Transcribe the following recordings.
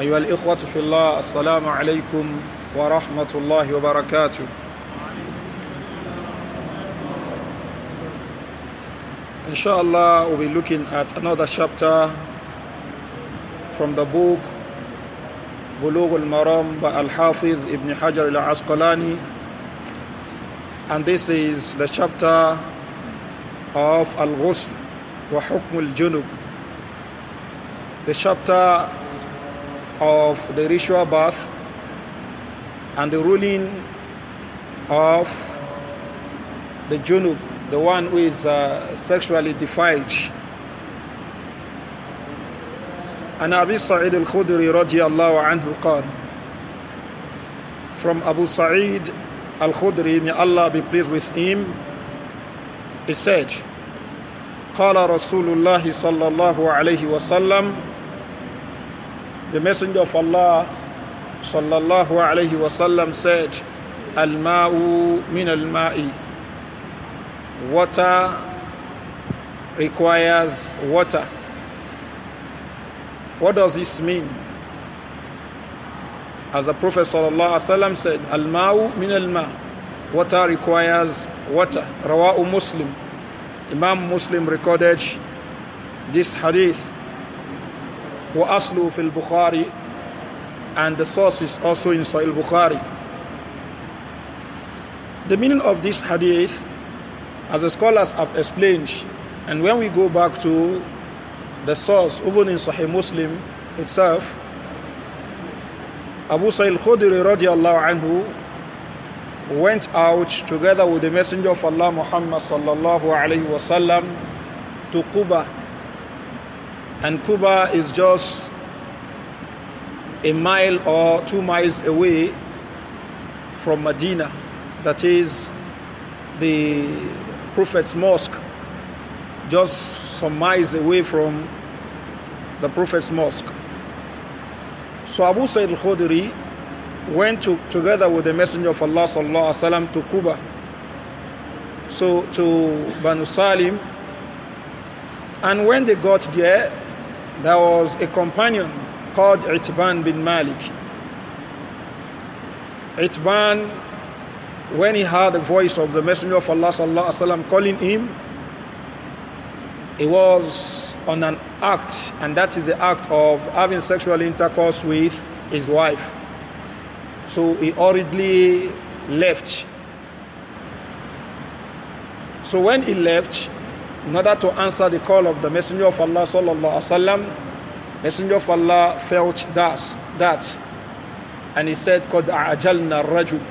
أيها الإخوة في الله السلام عليكم ورحمة الله وبركاته إن شاء الله we'll be looking at another chapter from the book بلوغ المرام maram by Al-Hafiz Ibn Hajar and this is the chapter of الغسل وحكم الجنوب the chapter of the ritual bath and the ruling of the junub, the one who is uh, sexually defiled. And Abu Sa'id al رضي الله عنه قال From Abu Sa'id al-Khudri, may Allah be pleased with him, he said, قال رسول الله صلى الله عليه وسلم the Messenger of Allah sallallahu alayhi wasallam said, Al-ma'u min al-ma'i. Water requires water. What does this mean? As the Prophet ﷺ said, Al Ma'u min al Ma. Water requires water. Rawa'u Muslim. Imam Muslim recorded this hadith. وأصله في البخاري and the source is also in Sahih Bukhari. The meaning of this hadith, as the scholars have explained, and when we go back to the source, even in Sahih Muslim itself, Abu Sa'il Khudri radiallahu anhu went out together with the Messenger of Allah Muhammad sallallahu alayhi wasallam to Quba and Cuba is just a mile or two miles away from Medina, that is the Prophet's Mosque, just some miles away from the Prophet's Mosque. So Abu Sayyid al-Khudri went to, together with the Messenger of Allah sallallahu alaihi wasallam to Cuba, so to Banu Salim, and when they got there, there was a companion called Itban bin Malik. Itban, when he heard the voice of the Messenger of Allah sallallahu calling him, he was on an act, and that is the act of having sexual intercourse with his wife. So he hurriedly left. So when he left, in order to answer the call of the Messenger of Allah sallallahu alaihi wasallam. Messenger of Allah felt that, that and he said, "Qad ajalna rajul."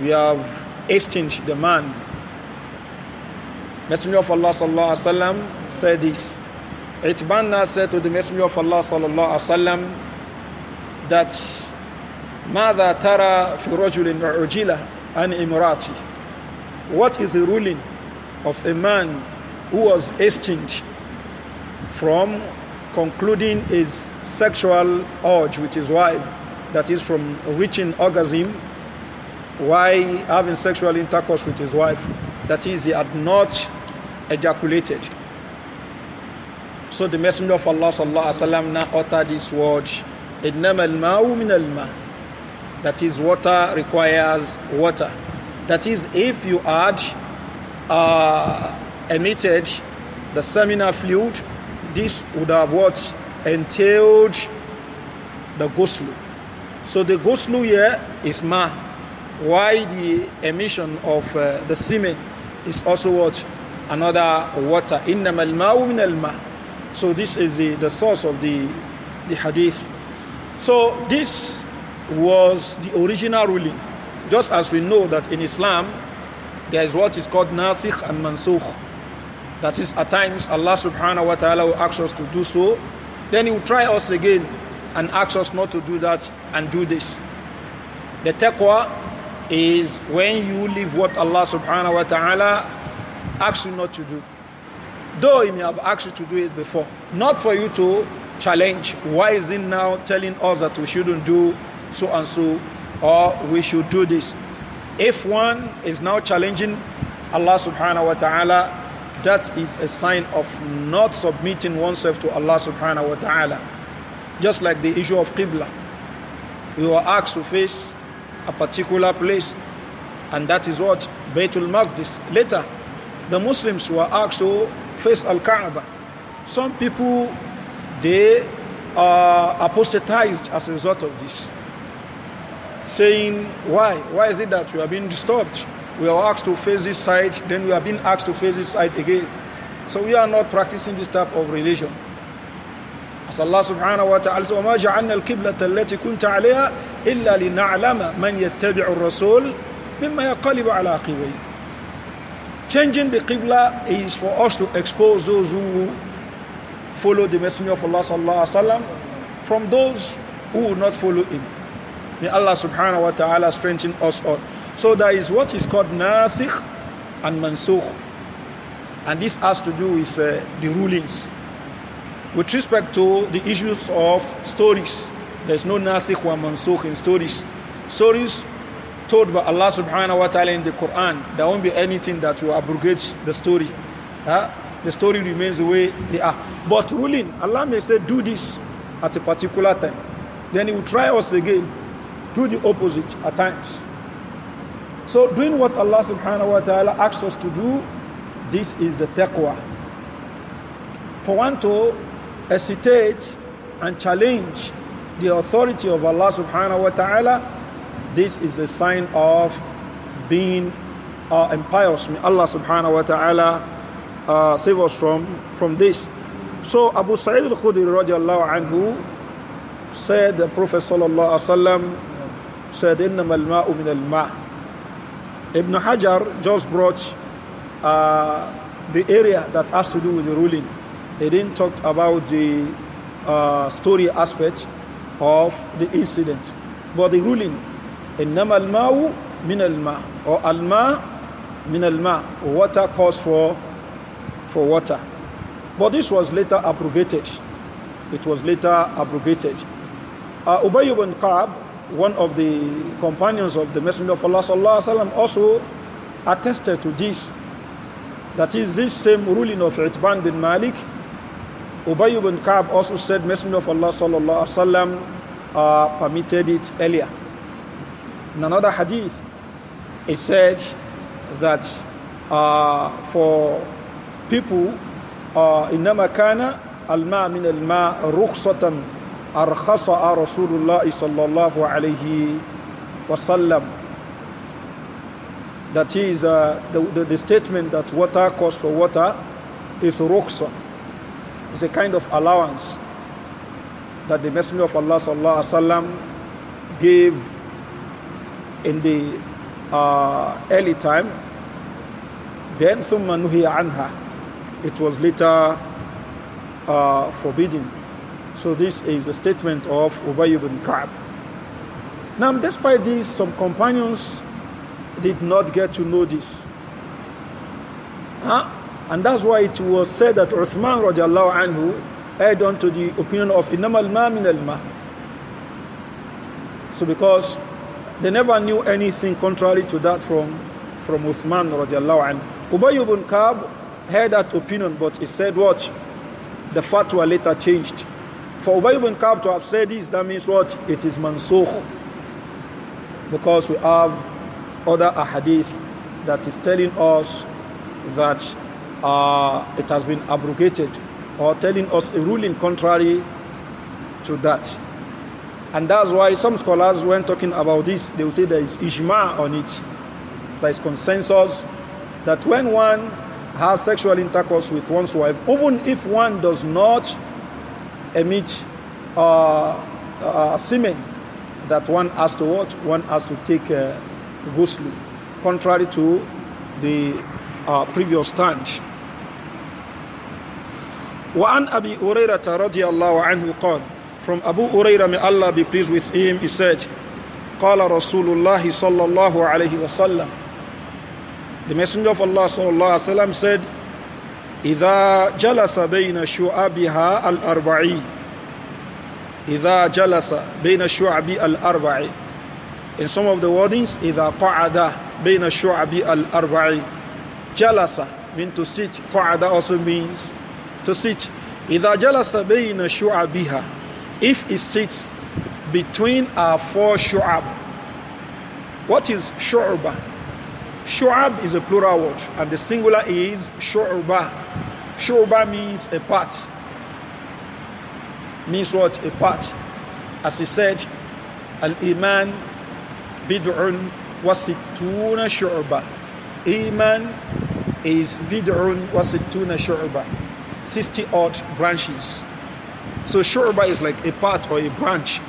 We have hastened the man. Messenger of Allah sallallahu alaihi wasallam said this. Itbanna said to the Messenger of Allah sallallahu alaihi wasallam that ماذا ترى في رجل عجلة عن امرأته What is the ruling of a man who was extinct from concluding his sexual urge with his wife, that is, from reaching orgasm while having sexual intercourse with his wife, that is, he had not ejaculated. So the Messenger of Allah sallallahu alaihi wasallam now uttered this word, "Innama al-ma'u al-ma." That is, water requires water. That is, if you add uh, emitted the seminal fluid, this would have what entailed the ghusl. So the ghusl here is ma, why the emission of uh, the semen is also what another water. in the mau min ma So this is the, the source of the the hadith. So this was the original ruling. Just as we know that in Islam there is what is called nasikh and mansukh that is, at times, Allah subhanahu wa ta'ala will ask us to do so. Then He will try us again and ask us not to do that and do this. The taqwa is when you leave what Allah subhanahu wa ta'ala asks you not to do. Though He may have asked you to do it before, not for you to challenge. Why is He now telling us that we shouldn't do so and so or we should do this? If one is now challenging Allah subhanahu wa ta'ala, that is a sign of not submitting oneself to Allah subhanahu wa ta'ala. Just like the issue of Qibla. We were asked to face a particular place, and that is what Baytul Maqdis. Later, the Muslims were asked to face Al Kaaba. Some people, they apostatized as a result of this, saying, Why? Why is it that you are being disturbed? we are asked to face this side, then we are being asked to face this side again. So we are not practicing this type of religion. As Allah subhanahu wa ta'ala says, وَمَا جَعَلْنَا الْقِبْلَةَ الَّتِي كُنْتَ عَلَيْهَا إِلَّا لِنَعْلَمَ مَنْ يَتَّبِعُ الرَّسُولِ مِمَّا يَقَلِبُ عَلَىٰ قِبَيْهِ Changing the Qibla is for us to expose those who follow the Messenger of Allah sallallahu from those who will not follow him. May Allah subhanahu wa ta'ala strengthen us all. So there is what is called nasikh and mansukh. And this has to do with uh, the rulings. With respect to the issues of stories, there's no nasikh or mansukh in stories. Stories told by Allah subhanahu wa ta'ala in the Quran, there won't be anything that will abrogate the story. Huh? The story remains the way they are. But ruling, Allah may say, do this at a particular time. Then He will try us again, do the opposite at times. So doing what Allah subhanahu wa ta'ala asks us to do, this is the taqwa. For one to hesitate and challenge the authority of Allah subhanahu wa ta'ala, this is a sign of being uh, impious. May Allah subhanahu wa ta'ala uh, save us from, from this. So Abu Sa'id al-Khudri radiallahu anhu said, the Prophet sallallahu alayhi wa sallam said, إِنَّمَا الْمَاءُ مِنَ الْمَاءِ Ibn Hajar just brought uh, the area that has to do with the ruling. They didn't talk about the uh, story aspect of the incident, but the ruling. إنما الماء من الماء or الماء من الماء water calls for for water but this was later abrogated it was later abrogated uh, Ubay ibn Ka'b one of the companions of the Messenger of Allah also attested to this. That is this same ruling of Itban bin Malik. Ubay bin Ka'b also said Messenger of Allah وسلم, uh, permitted it earlier. In another hadith, it said that uh, for people, uh, إنما كان الماء من الماء رخصةً أرخص رسول الله صلى الله عليه وسلم. That is uh, the, the, the, statement that water costs for water is ruqsa. It's a kind of allowance that the Messenger of Allah sallallahu alaihi wasallam gave in the uh, early time. Then thumma nuhiya anha. It was later uh, forbidden. So this is the statement of Ubay ibn Ka'b. Now, despite this, some companions did not get to know this. Huh? And that's why it was said that Uthman radiallahu anhu added on to the opinion of Inam al min al So because they never knew anything contrary to that from, from Uthman radiallahu anhu. Ubay ibn Ka'b had that opinion, but he said what? The fatwa later changed. For Ubay ibn Ka'b to have said this, that means what? It is mansukh. Because we have other ahadith that is telling us that uh, it has been abrogated or telling us a ruling contrary to that. And that's why some scholars, when talking about this, they will say there is ijma on it. There is consensus that when one has sexual intercourse with one's wife, even if one does not emit uh, uh, semen that one has to watch, one has to take uh, contrary to the uh, previous stance. وعن أبي هريرة رضي الله عنه قال From Abu Huraira, may Allah be pleased with him, he said, قال رسول الله صلى الله عليه وسلم The Messenger of Allah صلى الله عليه وسلم said, إذا جلس بين شعبها الأربع إذا جلس بين الشعب الأربع In some of the wordings إذا قعد بين الشعب الأربع جلس mean to sit قعد also means to sit إذا جلس بين شعبها If he sits between our four شعب What is شعبة? Shu'ab is a plural word, and the singular is shu'ba. Shu'ba means a part. Means what? A part. As he said, Al-Iman bid'un wasituna sittuna shu'ba. Iman is bid'un wasituna sittuna shu'ba. 60 odd branches. So shu'ba is like a part or a branch.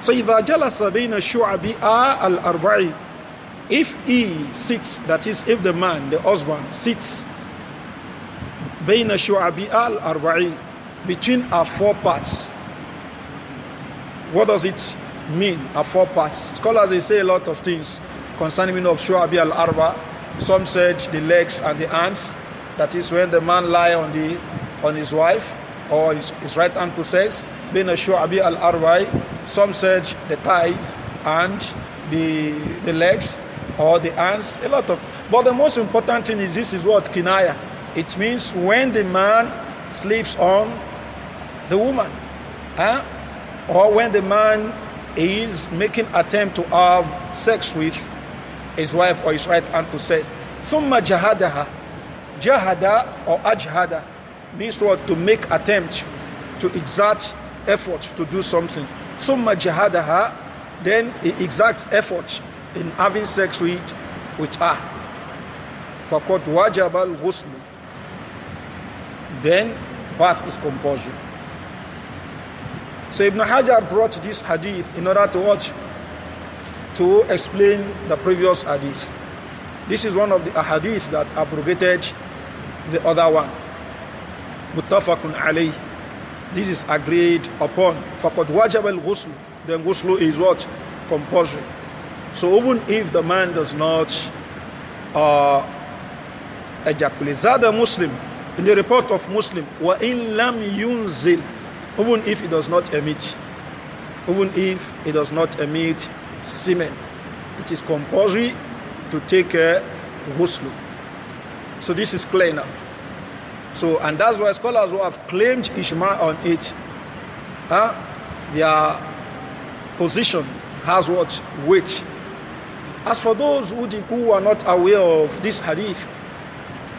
So إذا جلس بين الشعب al if he sits, that is, if the man, the husband, sits between our four parts. What does it mean, our four parts? Scholars, they say a lot of things concerning meaning of shu'abi al-arba. Some said the legs and the arms, that is when the man lie on, the, on his wife or his, his right hand possess, being a shu'abi al-arba. Some said the thighs and the, the legs or the ants, a lot of. But the most important thing is this is what kinaya. It means when the man sleeps on the woman, huh? or when the man is making attempt to have sex with his wife or his right hand possess. Thumma jahadaha. Jahada or ajhada means what? To make attempt, to exert effort to do something. Thumma jahadaha, then he exerts effort in having sex with, with her. فَقَدْ wajabal ghusl, Then bath is compulsory. So Ibn Hajar brought this hadith in order to watch, to explain the previous hadith. This is one of the hadiths that abrogated the other one. Muttafaqun alayh. This is agreed upon. فَقَدْ wajabal ghusl, Then ghusl is what? Compulsory. So even if the man does not uh, ejaculate, Zada Muslim, in the report of Muslim, wa in lam even if he does not emit, even if he does not emit semen, it is compulsory to take a ghusl. So this is clear now. So, and that's why scholars who have claimed Ishmael on it, huh, their position has what? Weight. As for those who, did, who are not aware of this hadith,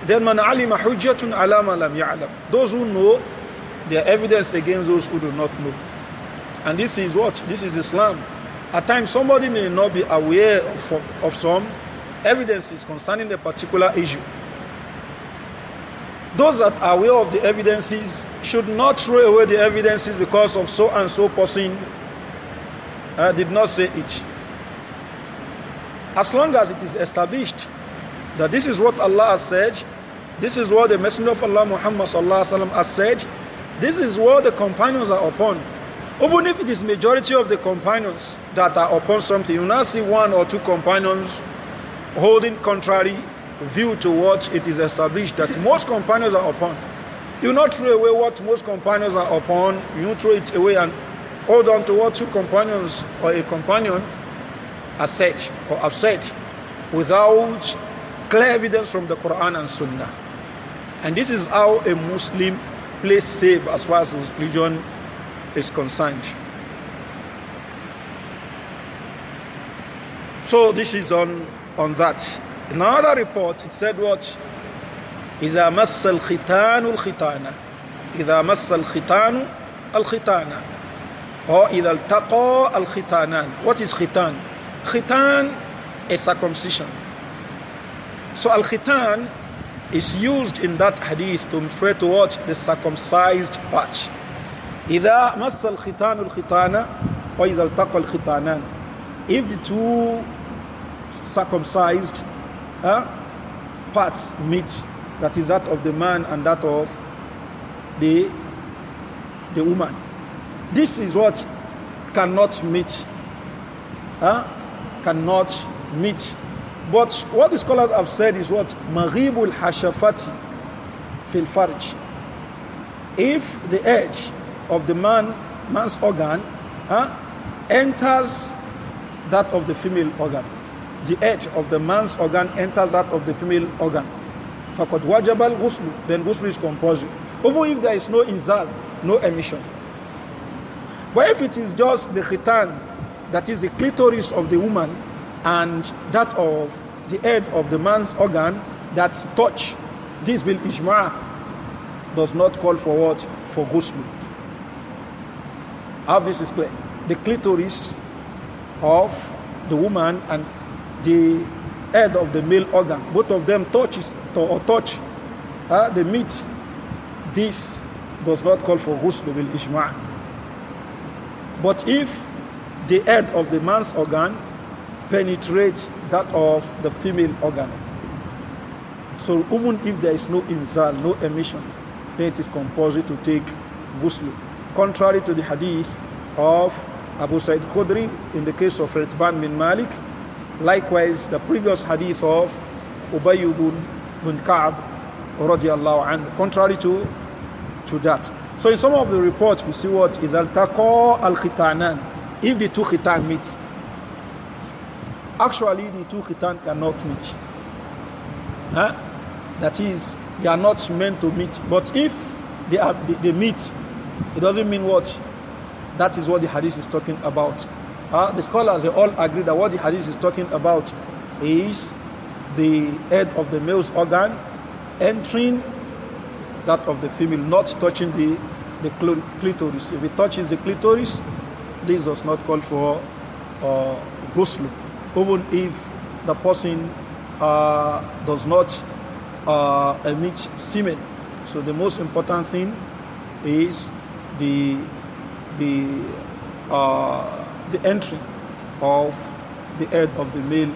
then man alima hujjatun alama lam ya'lam. Those who know, they are evidence against those who do not know. And this is what? This is Islam. At times, somebody may not be aware of, of some evidences concerning a particular issue. Those that are aware of the evidences should not throw away the evidences because of so and so person uh, did not say it. As long as it is established that this is what Allah has said, this is what the Messenger of Allah Muhammad sallam, has said, this is what the companions are upon. Even if it is majority of the companions that are upon something, you now see one or two companions holding contrary view to what it is established that most companions are upon. You not throw away what most companions are upon, you throw it away and hold on to what two companions or a companion assert or upset without clear evidence from the Quran and Sunnah. And this is how a Muslim plays safe as far as religion is concerned. So this is on, on that. In another report, it said what? إذا مس الختان الختانة إذا مس الختان الختانة or إذا التقى الختانان What is khitan? Khitan is circumcision. So al khitan is used in that hadith to refer to what? The circumcised part. إذا مس الختان الختان وإذا التقى الختانان If the two circumcised uh, parts meet, that is that of the man and that of the, the woman. This is what cannot meet. Huh? cannot meet. But what the scholars have said is what? maribul hashafati fil farj. If the edge of the man, man's organ huh, enters that of the female organ, the edge of the man's organ enters that of the female organ. Fakot wajabal ghuslu, then ghuslu is compulsory. Even if there is no izal, no emission. But if it is just the khitan that is the clitoris of the woman and that of the head of the man's organ that touch this will ijma does not call for what for ghusl how this is clear the clitoris of the woman and the head of the male organ both of them touches to, or touch uh, the meat this does not call for ghusl will ijma but if the head of the man's organ penetrates that of the female organ. So even if there is no inzal, no emission, then it is compulsory to take ghusl. Contrary to the hadith of Abu Sa'id Khudri in the case of Ritban bin Malik, likewise the previous hadith of Ubay bin, bin Ka'b radiallahu anhu, contrary to, to that. So in some of the reports we see what is al-taqa al-khitanan, if the two khitan meet. Actually, the two khitan cannot meet. Huh? That is, they are not meant to meet. But if they, are, they, meet, it doesn't mean what? That is what the hadith is talking about. Uh, the scholars they all agree that what the hadith is talking about is the head of the male's organ entering that of the female, not touching the, the clitoris. If it touches the clitoris, this does not call for uh, ghusl, even if the person uh, does not uh, emit semen. So the most important thing is the the uh, the entry of the head of the male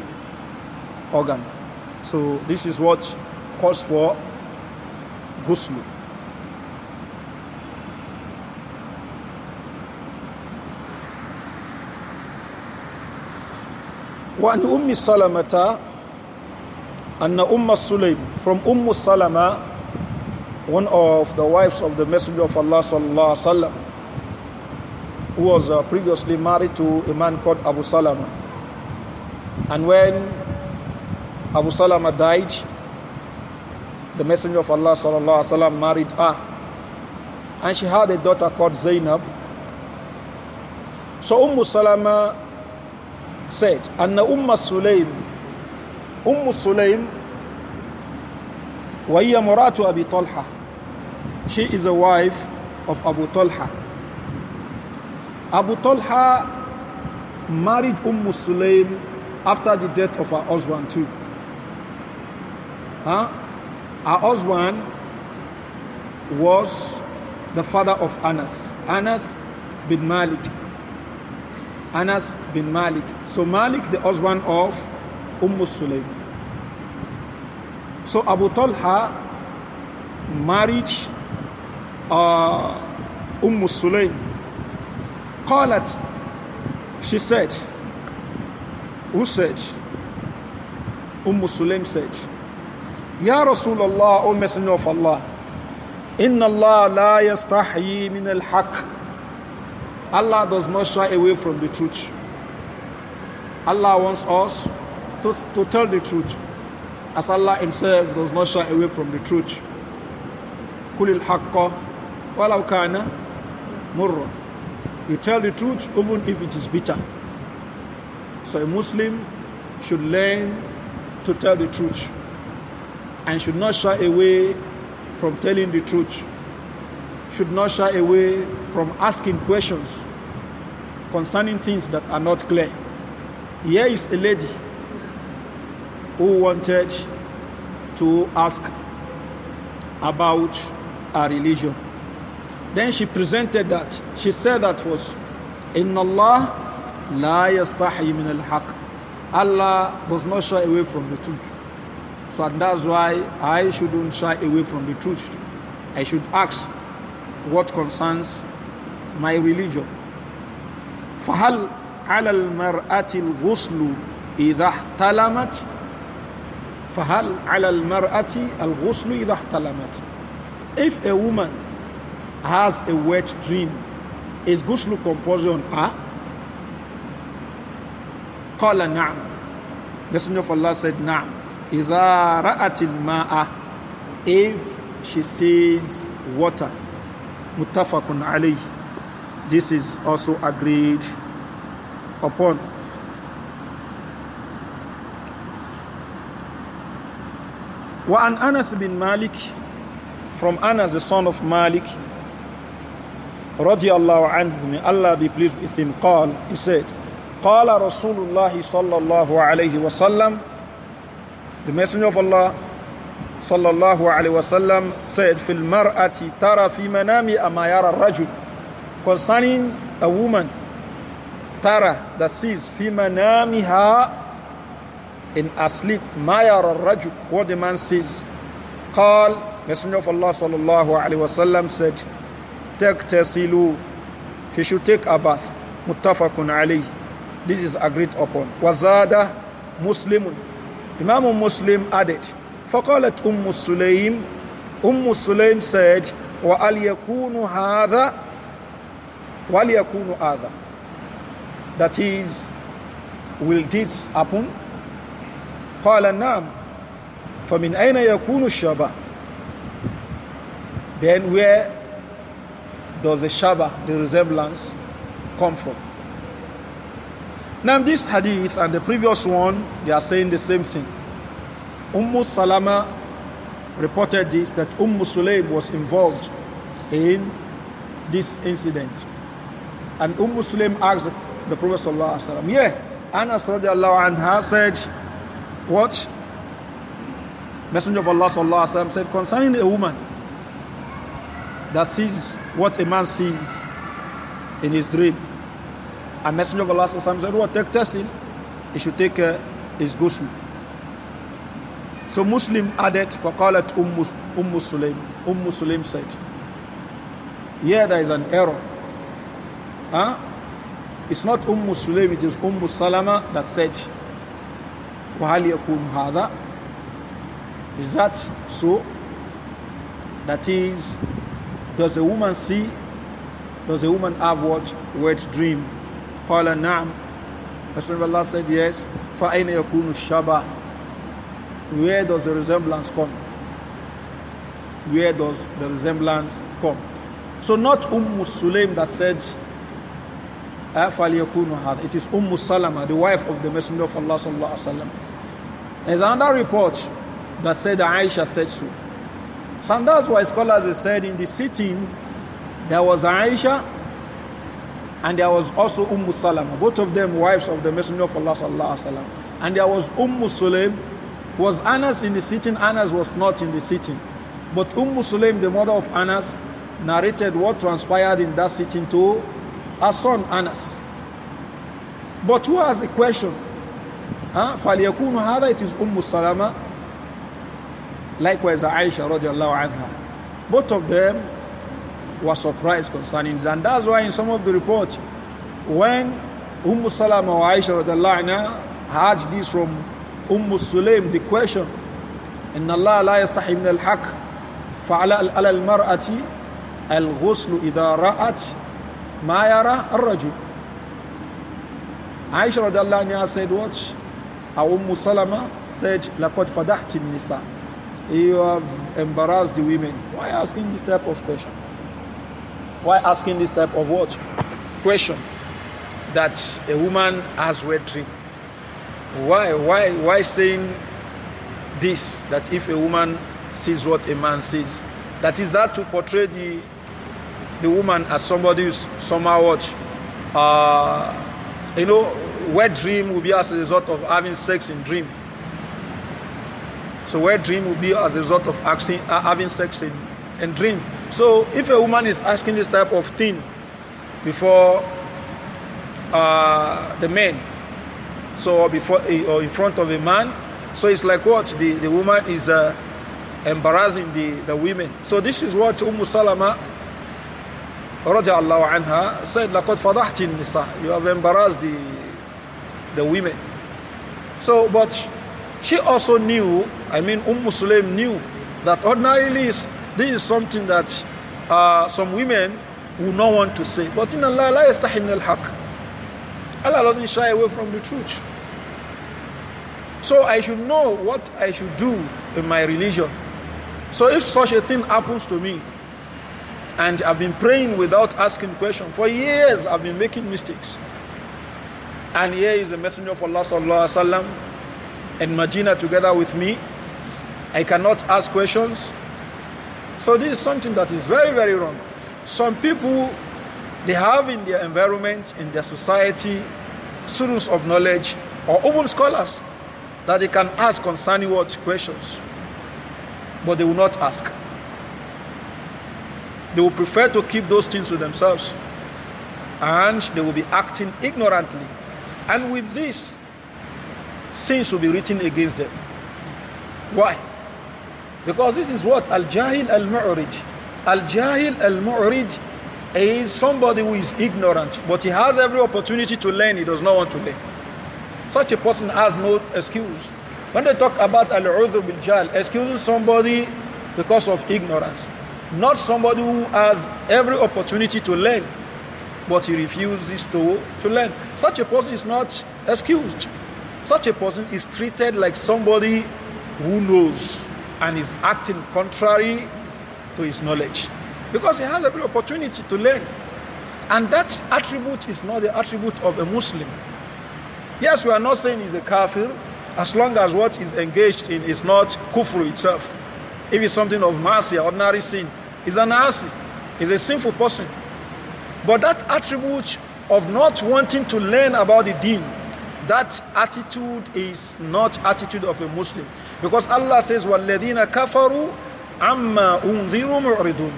organ. So this is what calls for ghusl. وعن أم سلمة أن أم سليم from أم سلمة one of the wives of the Messenger of Allah sallallahu alaihi wasallam who was uh, previously married to a man called Abu Salama and when Abu Salama died the Messenger of Allah sallallahu alaihi wasallam married her and she had a daughter called Zainab so Umm Salama said, Anna Umm Sulaim, Umm Sulaim, Waiya Muratu Abi Talha. She is a wife of Abu Talha. Abu Talha married Umm Sulaim after the death of her husband, too. Huh? Her husband was the father of Anas, Anas bin Malik. Anas bin Malik. So Malik, the husband of Umm Sulaim. So Abu Talha married uh, Umm Sulaim. Qalat, she said, who said? Umm Sulaim said, Ya Rasulullah, O Messenger of Allah, Inna Allah la yastahi min al-haqq Allah does not shy away from the truth. Allah wants us to, to tell the truth, as Allah Himself does not shy away from the truth. قُلِ الْحَقَّ وَلَوْ كَانَ مُرًّا You tell the truth even if it is bitter. So a Muslim should learn to tell the truth and should not shy away from telling the truth should not shy away from asking questions concerning things that are not clear. Here is a lady who wanted to ask about her religion. Then she presented that. She said that was in Allah la yastahi min al haq. Allah does not shy away from the truth. So that's why I shouldn't shy away from the truth. I should ask what concerns my religion. فهل على المرأة الغسل إذا احتلمت فهل على المرأة الغسل إذا احتلمت If a woman has a wet dream, is ghusl compulsory on her? قال نعم Messenger of Allah said نعم إذا رأت الماء If she sees water muttafaqun alayh. This is also agreed upon. وعن أنس bin malik from Anas the son of Malik رضي الله may Allah be pleased with him call he said قال rasulullah الله صلى الله عليه the messenger of Allah sallallahu alaihi wasallam said, "Fil mar'ati tara fi manami amayara rajul." Concerning a woman, tara that sees fi manamiha in asleep mayara rajul what the man sees. Qal Messenger of Allah sallallahu alaihi wasallam said, tasilu She should take a bath. Muttafaqun alayh. This is agreed upon. Wazada Muslimun. Imam Muslim added فقالت أم سليم أم سليم said وَأَلْ يَكُونُ هَذَا وَأَلْ يَكُونُ هَذَا That is, will this happen? قال نعم فمن أين يكون الشبه Then where does the shaba, the resemblance, come from? Now this hadith and the previous one, they are saying the same thing. Ummu Salama reported this that Ummu Sulaim was involved in this incident. And Ummu Sulaim asked the Prophet sallallahu alaihi wasallam, "Yeah, Anas anha said, what?" Messenger of Allah sallallahu alaihi wasallam said concerning a woman that sees what a man sees in his dream. And Messenger of Allah sallallahu alaihi wasallam said, "What take testing? He should take uh, his ghusl." So Muslim added, فَقَالَتْ أُمُّ, أم سُلَيْمٍ said, yeah, there is an error. Huh? It's not Umm Sulaim, it is Umm Salama that said, وَهَلْ يَكُونُ هَذَا Is that so? That is, does a woman see, does a woman have what? Wet dream. قال نعم. Rasulullah said yes. فَأَيْنَ يَكُونُ الشَّبَهُ where does the resemblance come? Where does the resemblance come? So not Umm Sulaim that said, ah, it is Umm Salama, the wife of the Messenger of Allah sallallahu alaihi wasallam. There's another report that said Aisha said so. So that's why scholars have said in the sitting there was Aisha and there was also Umm Salama, both of them wives of the Messenger of Allah sallallahu alaihi wasallam. And there was Umm Sulaim was Anas in the sitting? Anas was not in the sitting. But Umm Sulaim, the mother of Anas, narrated what transpired in that sitting to her son Anas. But who has a question? فَلْيَكُونُ هَذَا It is Umm Salama. Likewise, Aisha radiallahu anha. Both of them were surprised concerning this. And that's why in some of the reports, when Umm Salama or Aisha radiallahu anha heard this from أم السليم the question, إن الله لا يستحي من الحق فعلى على المرأة الغسل إذا رأت ما يرى الرجل عائشة رضي الله عنها said what? أو أم سلمة said لقد فضحت النساء You have embarrassed the women. Why asking this type of question? Why asking this type of what? Question that a woman has wet dream. why why why saying this that if a woman sees what a man sees that is that to portray the the woman as somebody who's somehow watch. uh, you know wet dream will be as a result of having sex in dream so wet dream will be as a result of asking, uh, having sex in, in dream so if a woman is asking this type of thing before uh, the men so or before eh, or in front of a man so it's like what the, the woman is uh, embarrassing the, the women so this is what umm salama radiallahu anha said laqad nisa you have embarrassed the the women so but she also knew i mean umm sulaim knew that ordinarily this is something that uh, some women would not want to say but in allah la yastahinna al allah doesn't shy away from the truth so I should know what I should do in my religion. So if such a thing happens to me, and I've been praying without asking questions for years, I've been making mistakes. And here is the Messenger of Allah sallallahu alaihi wasallam together with me. I cannot ask questions. So this is something that is very very wrong. Some people they have in their environment, in their society, students of knowledge or even scholars that they can ask concerning what questions, but they will not ask. They will prefer to keep those things to themselves and they will be acting ignorantly. And with this, sins will be written against them. Why? Because this is what? Al Jahil Al Mu'rij. Al Jahil Al Mu'rij is somebody who is ignorant, but he has every opportunity to learn, he does not want to learn. Such a person has no excuse. When they talk about al-udhu bil-jal, excusing somebody because of ignorance, not somebody who has every opportunity to learn, but he refuses to, to learn. Such a person is not excused. Such a person is treated like somebody who knows and is acting contrary to his knowledge because he has every opportunity to learn. And that attribute is not the attribute of a Muslim. Yes, we are not saying he's a kafir as long as what he's engaged in is not kufru itself. If it's something of mercy, ordinary sin, he's an nasi, he's a sinful person. But that attribute of not wanting to learn about the deen, that attitude is not attitude of a Muslim. Because Allah says, وَالَّذِينَ كَفَرُوا amma أُنذِرُوا مُعْرِضُونَ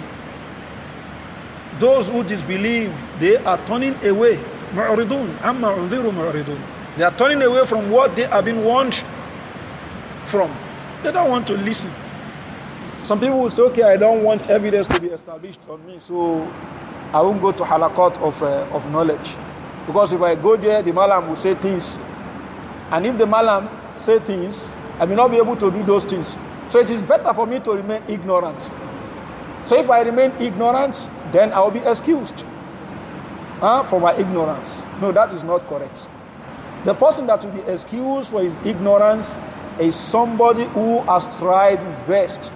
Those who disbelieve, they are turning away. مُعْرِضُونَ عَمَّا أُنذِرُوا they are turning away from what they have been warned from. They don't want to listen. Some people will say, okay, I don't want evidence to be established on me, so I won't go to halakot of, uh, of knowledge. Because if I go there, the malam will say things. And if the malam say things, I may not be able to do those things. So it is better for me to remain ignorant. So if I remain ignorant, then I will be excused uh, for my ignorance. No, that is not correct. The person that will be excused for his ignorance is somebody who has tried his best.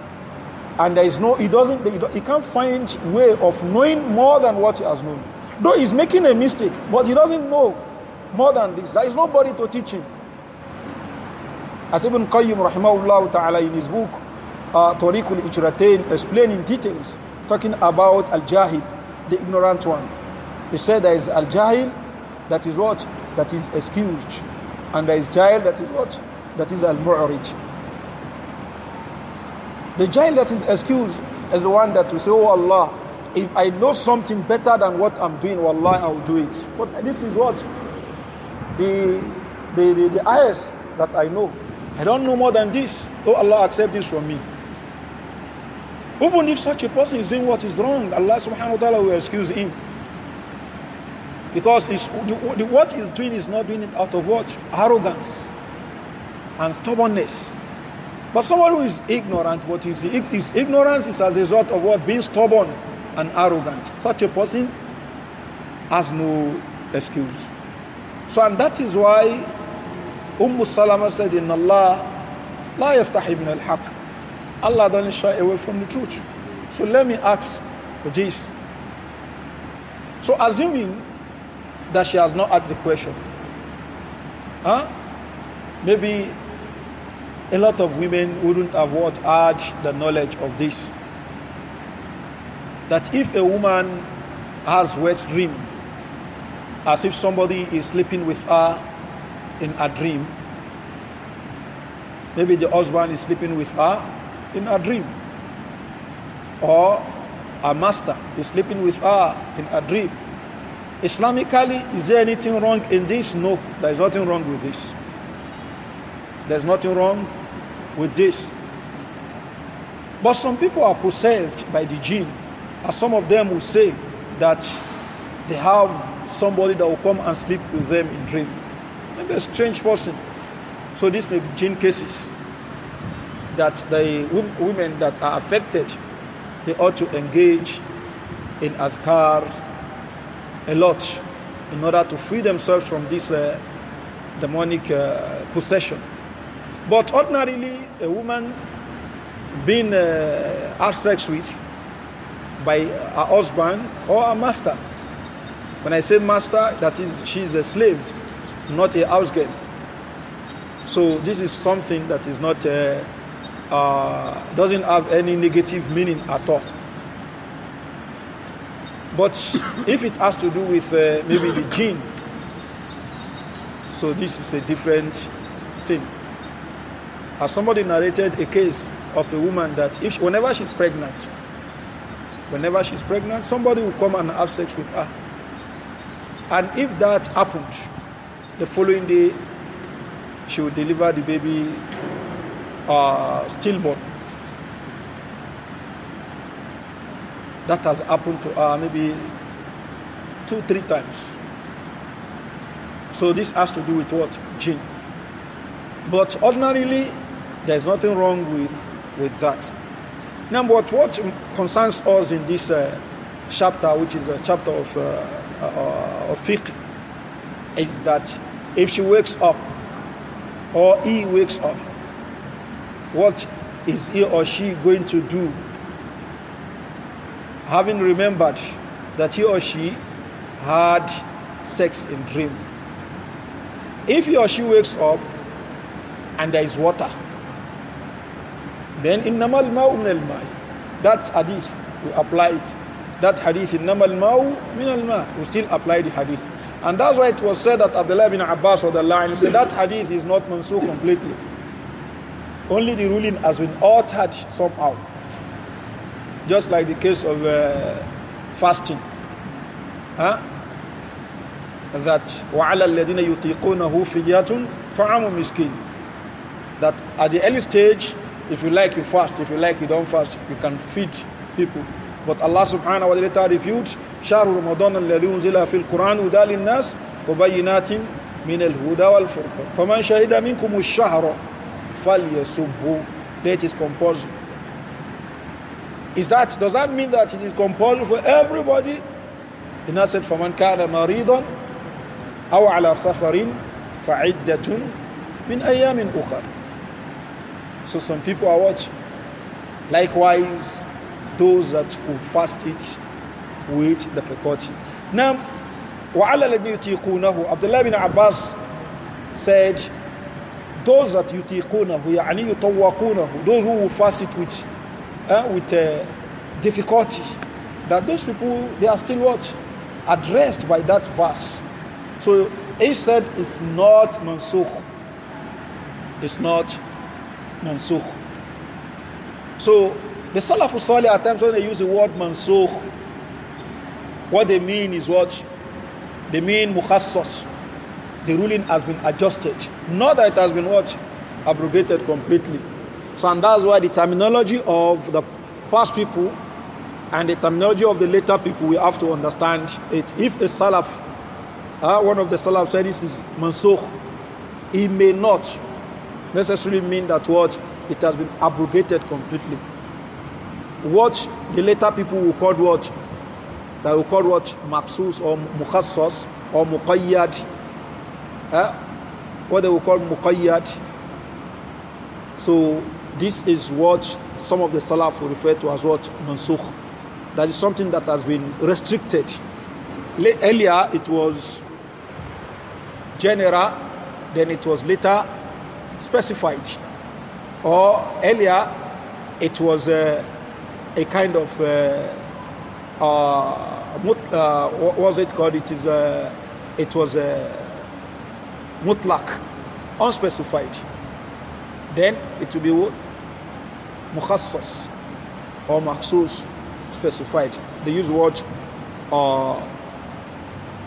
And there is no, he doesn't, he can't find way of knowing more than what he has known. Though he's making a mistake, but he doesn't know more than this. There is nobody to teach him. As Ibn Qayyim rahimahullah ta'ala in his book, uh, Tariqul Ijratain, explaining details, talking about Al-Jahil, the ignorant one. He said there is Al-Jahil, that is what? that is excused, and there is jail that is what? That is al mu'rid. The jail that is excused is the one that will say, Oh Allah, if I know something better than what I'm doing, wallahi, I will do it. But this is what? The, the, the, the that I know. I don't know more than this. Oh Allah, accept this from me. Even if such a person is doing what is wrong, Allah subhanahu wa ta'ala will excuse him. Because the, the, what he's doing is not doing it out of what? Arrogance and stubbornness. But someone who is ignorant, what is his, his ignorance is as a result of what? Being stubborn and arrogant. Such a person has no excuse. So, and that is why Umm Salama said, In Allah, la yastahi min al haq. Allah doesn't shy away from the truth. So, let me ask for this. So, assuming that she has not asked the question. Huh? Maybe a lot of women wouldn't have what had the knowledge of this. That if a woman has wet dream, as if somebody is sleeping with her in a dream, maybe the husband is sleeping with her in a dream, or a master is sleeping with her in a dream, Islamically, is there anything wrong in this? No, there is nothing wrong with this. There's nothing wrong with this. But some people are possessed by the jinn, as some of them will say that they have somebody that will come and sleep with them in dream. Maybe a strange person. So this may be jinn cases that the women that are affected, they ought to engage in adhkar, a lot in order to free themselves from this uh, demonic uh, possession. But ordinarily, a woman being uh, had sex with by her husband or a master. When I say master, that is, she is a slave, not a house girl. So this is something that is not uh, uh doesn't have any negative meaning at all. But if it has to do with uh, maybe the gene, so this is a different thing. As somebody narrated a case of a woman that if she, whenever she's pregnant, whenever she's pregnant, somebody will come and have sex with her. And if that happened, the following day, she will deliver the baby uh, stillborn. That has happened to her maybe two, three times. So this has to do with what? gene. But ordinarily, there's nothing wrong with, with that. Now, but what concerns us in this uh, chapter, which is a chapter of, uh, uh, of fiqh, is that if she wakes up or he wakes up, what is he or she going to do having remembered that he or she had sex in dream. If he or she wakes up and there is water, then in namal ma'u min al That hadith, we apply it. That hadith, in namal ma'u min al we still apply the hadith. And that's why it was said that Abdullah bin Abbas or the line said that hadith is not mansu completely. Only the ruling has been altered somehow. Just like the case of uh, fasting. Huh? That وَعَلَى الَّذِينَ يُطِيقُونَهُ فِيَّةٌ طَعَمُ miskin. That at the early stage, if you like, you fast. If you like, you don't fast. You can feed people. But Allah subhanahu wa ta'ala refutes شهر رمضان الذي أنزل في القرآن هدى للناس وبينات من الهدى والفرقان فمن شهد منكم الشهر فليصبه That is composed. Is that does that mean that it is compulsory for everybody? He now said, فَمَنْ كَانَ مَرِيضًا أَوْ عَلَى سَفَرٍ فَعِدَّةٌ مِنْ أَيَّامٍ أُخَرٍ So some people are watching. Likewise, those that who fast it with the faculty. Now, وَعَلَى الَّذِي يُتِيقُونَهُ Abdullah bin Abbas said, those that يُتِيقُونَهُ يعني يُطَوَّقُونَهُ those who fast it with uh, with uh, difficulty, that those people, they are still what? Addressed by that verse. So he said it's not mansukh. It's not mansukh. So the Salafus Salih at times when they use the word mansukh, what they mean is what? They mean mukhassas. The ruling has been adjusted. Not that it has been what? Abrogated completely. So, and that's why the terminology of the past people and the terminology of the later people, we have to understand it. If a Salaf, uh, one of the Salaf said this is Mansukh, it may not necessarily mean that what it has been abrogated completely. What the later people will call what that will call what Maksus or Mukhassas or Muqayyad, uh, what they will call Muqayyad. So this is what some of the Salaf refer to as what mansukh. That is something that has been restricted. Earlier it was general, then it was later specified. Or earlier it was a, uh, a kind of a, uh, uh, uh what was it called? It is a, it was a mutlak, unspecified. Then it will be mukhassas or maksus specified. They use word, uh,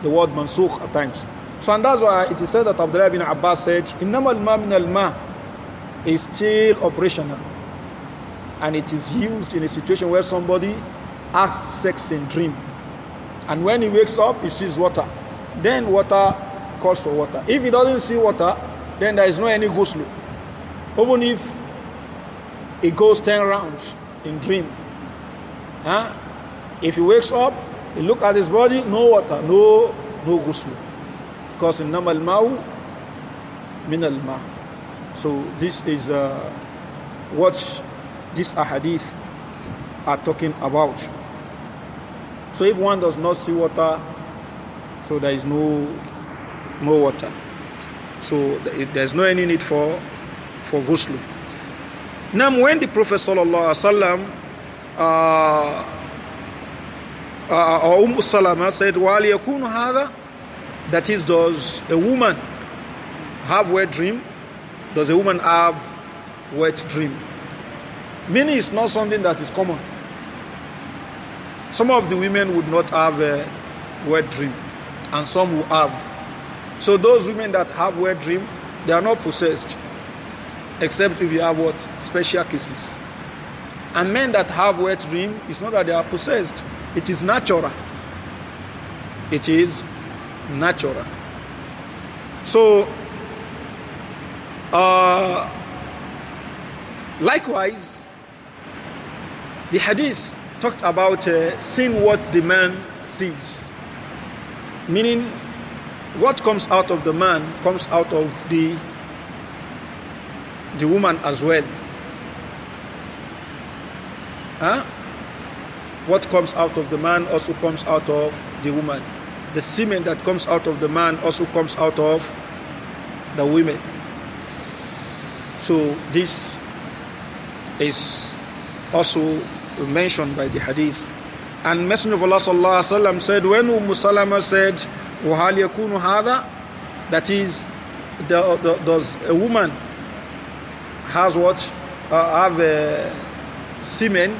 the word mansukh at times. So and that's why it is said that Abdullah bin Abbas said, Innama al-ma min al is still operational. And it is used in a situation where somebody has sex in dream. And when he wakes up, he sees water. Then water calls for water. If he doesn't see water, then there is no any ghostly, Even if he goes 10 rounds in dream. Huh? If he wakes up, he look at his body, no water, no no ghusl. Because in namal ma'u min al ma. So this is uh, what these ahadith are talking about. So if one does not see water, so there is no no water. So there's no any need for for ghusl. Now, when the Prophet sallallahu uh, uh, uh, or Umm Salama said, "Wali yakunu hada," that is, does a woman have wet dream? Does a woman have wet dream? Meaning, it's not something that is common. Some of the women would not have a wet dream, and some will have. So, those women that have wet dream, they are not possessed except if you have what special cases. And men that have wet dream, it's not that they are possessed, it is natural. It is natural. So, uh, likewise, the hadith talked about uh, seeing what the man sees, meaning what comes out of the man comes out of the the woman as well. Huh? What comes out of the man also comes out of the woman. The semen that comes out of the man also comes out of the women. So this is also mentioned by the hadith. And Messenger of Allah sallallahu alaihi wasallam said, when Umm Salama said, that is, the, the, does a woman has what uh, have uh, semen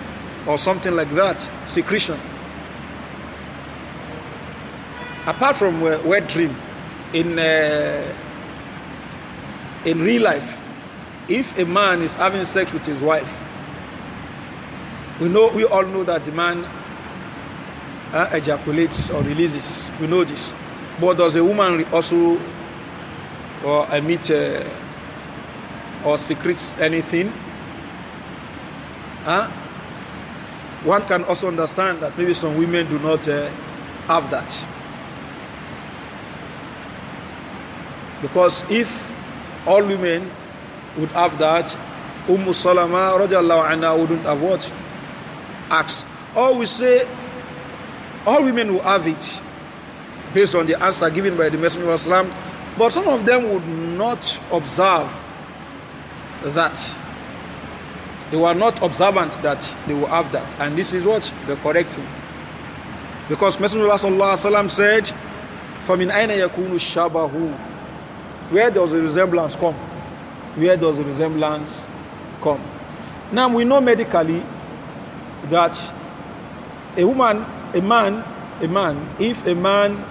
or something like that secretion apart from uh, wet dream in uh, in real life if a man is having sex with his wife we know we all know that the man uh, ejaculates or releases we know this but does a woman also or emit uh, or secretes anything. Huh? One can also understand that maybe some women do not uh, have that. Because if all women would have that, Umm Salama radiallahu anha wouldn't have what? Asked. Or we say all women will have it based on the answer given by the Messenger of Islam, but some of them would not observe that they were not observant that they will have that. And this is what the correct thing. Because Messenger of Allah said, فَمِنْ أَيْنَ يَكُونُ shabahu, Where does the resemblance come? Where does the resemblance come? Now we know medically that a woman, a man, a man, if a man